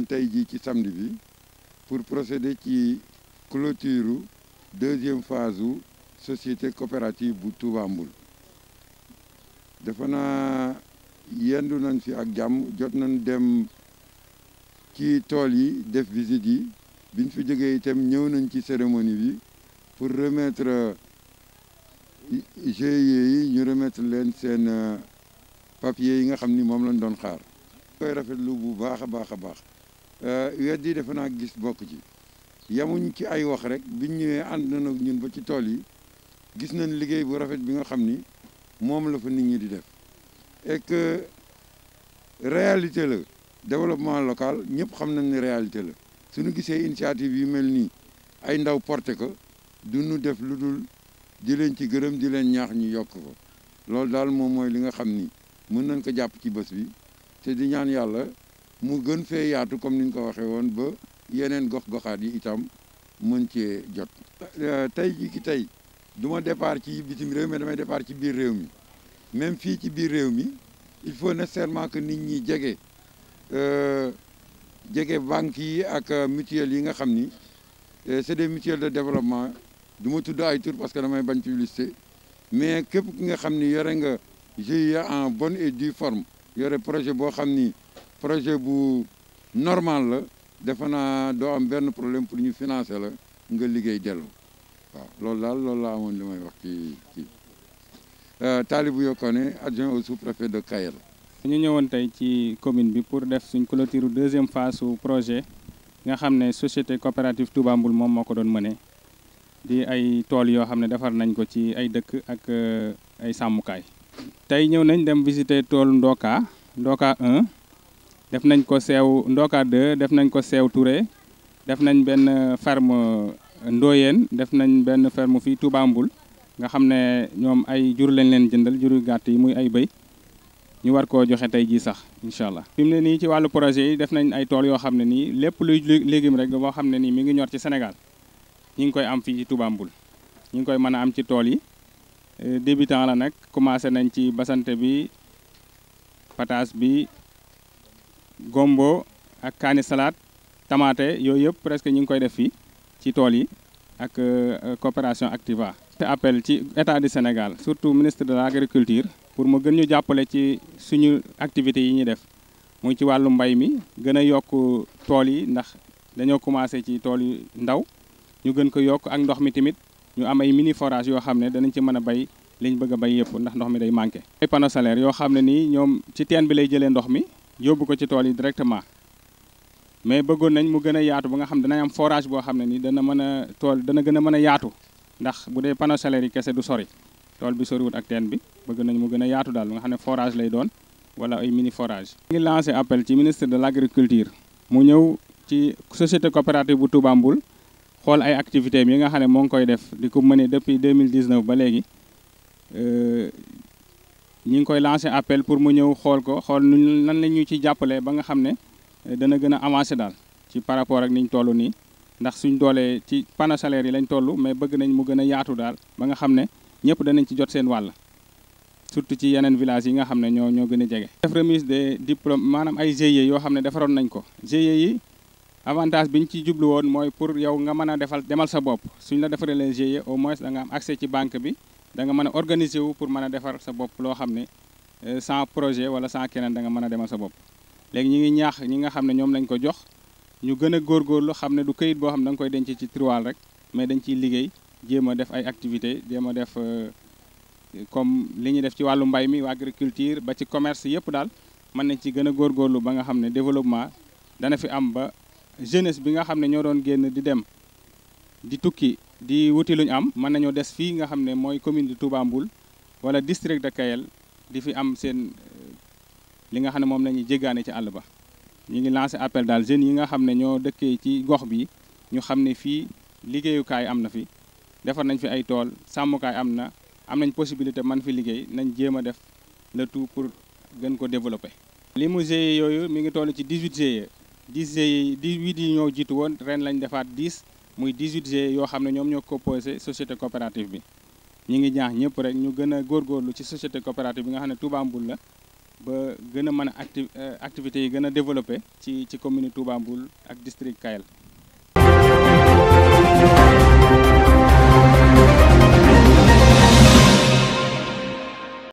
woon tey jii ci samedi bi pour procéder ci clôture deuxième phase u société coopérative bu Touba Mboul dafa naa yendu nañ fi ak jàmm jot nañ dem ci tool yi def visite yi biñ fi jógee itam ñëw nañ ci cérémonie bi pour remettre GIE yi ñu remettre leen seen papier yi nga xam ni moom lañ doon xaar koy rafetlu bu baax a baax a baax Euh, weddi defe naa gis bokk ci yamuñ ci ay wax rek biñ ñëwee ànd na nag ñun ba ci tool yi gis nañ liggéey bu rafet bi nga xam ni moom la fa nit ñi di def et que réalité la développement local ñëpp xam nañ ne réalité la suñu gisee initiative yi mel nii ay ndaw porte ko du ñu def lu dul di leen ci gërëm di leen ñaax ñu yokk ko loolu daal moom mooy li nga xam ni mën nañ ko jàpp ci bés bi te di ñaan yàlla mu gën fee yaatu comme ni ñu ko waxee woon ba yeneen gox-goxaat yi itam mën cee jot. Euh, tey jii tey du ma départ ci bitim réew mi damay départ ci biir réew même fii ci biir réew mi il faut nécessairement que nit ñi jege euh, jege banques yi ak mutuelles yi nga xam ni euh, c'est des mutuelles de développement du ma tudd ay tur parce que damay bañ publicité mais képp ki nga xam ni yore nga GIE en bonne et due forme yore projet boo xam ni. projet bu normal la defe naa doo am benn problème pour ñu financé la nga liggéey dellu waaw loolu daal loolu laa amoon li may wax ci ci euh, Talibou Yokone adjoint au sous-préfet de Kayel. ñu ñëwoon tey ci commune bi pour def suñ clôture deuxième phase su projet nga xam ne société coopérative Touba moom moo ko doon mëne di ay tool yoo xam ne defar nañ ko ci ay dëkk ak euh, ay sàmmukaay. tey ñëw nañ dem visiter toolu Ndoka Ndoka 1. def nañ ko seew Ndoka 2 def nañ ko seew Touré def nañ benn ferme Ndoyeen def nañ benn ferme fii Touba Mboul nga xam ne ñoom ay jur lañ leen jëndal juru gàtt yi muy ay bëy ñu war koo joxe tey jii sax incha allah. fi mu ne nii ci wàllu projet yi def nañ ay tool yoo xam ne nii lépp luy légume rek boo xam ne nii mi ngi ñor ci senegal ñu ngi koy am fi ci Touba ñu ngi koy mën a am ci tool yi euh, débutant la nag commencé nañ ci basante bi patas bi. gombo ak kaani salaat tamaate yooyu yëpp presque ñu ngi koy def fii ci tool yi ak euh, coopération Activa te appel ci état du Sénégal surtout ministre de l' agriculture pour mu gën ñu jàppale ci suñu activité yi ñuy def muy ci wàllu mbay mi gën a yokk tool yi ndax dañoo commencé ci tool yi ndaw ñu gën ko yokk ak ndox mi tamit ñu am ay mini forage yoo xam ne danañ ci mën a bay liñ bëgg a bay yëpp ndax ndox mi day manqué ay panneaux solaires yoo xam ne nii ñoom ci teen bi lay jëlee ndox mi yóbbu ko ci tool yi directement mais bëggoon nañ mu gën a yaatu ba nga xam ne danañ am forage boo xam ne nii dana mën a tool dana gëna a mën a yaatu ndax bu dee panneau solaire yi kese du sori tool bi soriwut ak teen bi bëgg nañ mu gën a yaatu daal ba nga xam ne forage lay doon wala ay mini forage ngi lancé appel ci ministre de l' agriculture mu ñëw ci société coopérative bu Touba Mboul xool ay activité yi nga xam ne moo ngi koy def di ko mëne depuis 2019 ba léegi euh, ñi ngi koy lancé appel pour mu ñëw xool ko xool nu nan la ñu ci jàppalee ba nga xam ne eh, dana gën a avancé daal ci par rapport ak niñ toll nii ndax suñ doolee ci panneau solaire yi lañ toll mais bëgg nañ mu gën a yaatu daal ba nga xam ne ñëpp danañ ci jot seen wàll surtout ci yeneen villages yi nga xam ne ñoo ñoo gën a jege. def remise des diplômes maanaam ay GIE yoo xam ne defaroon nañ ko GIE yi avantage bi ñu ci jublu woon mooy pour yow nga mën a defal demal sa bopp suñ la defaree les au moins da am accès ci banque bi da nga mën a organiser wu pour mën a defar sa bopp loo xam ne euh, sans projet wala sans keneen danga mën a demal sa bopp léegi ñi ngi ñaax ñi nga xam ne ñoom lañ ko jox ñu gën a góorgóorlu xam ne du këyit boo xam ne da nga koy denc ci tiroir rek mais dañ ciy liggéey jéem a def ay activité jéem a def euh, comme li ñuy def ci wàllu mbay mi agriculture ba ci commerce yëpp daal mën nañ ci gën a góorlu ba nga xam ne développement dana fi am ba jeunesse bi nga xam ne ñoo doon génn di dem di tukki di wuti lu ñu am mën nañoo des fii nga xam ne mooy commune de Touba wala district de Kayel di fi am seen li nga xam ne moom la ñuy ci àll ba ñu ngi lancé appel daal jeunes yi nga xam ne ñoo dëkkee ci gox bi ñu xam ne fii liggéeyukaay am na fi defar nañ fi ay tool sàmmukaay am na am nañ possibilité man fi liggéey nañ jéem a def le tout pour gën ko développé li mu GIE yooyu mi ngi toll ci 18 GIE 10 GIE 18 yi ñoo jiitu woon ren lañ defaat 10. muy 18 G yoo xam ne ñoom ñoo composé société coopérative bi ñi ngi ñaax ñëpp rek ñu gën a góorlu ci société coopérative bi nga xam ne Touba Mboul la ba gën a mën a acti euh, activités yi gën a développé ci ci commune Touba ak district Kayel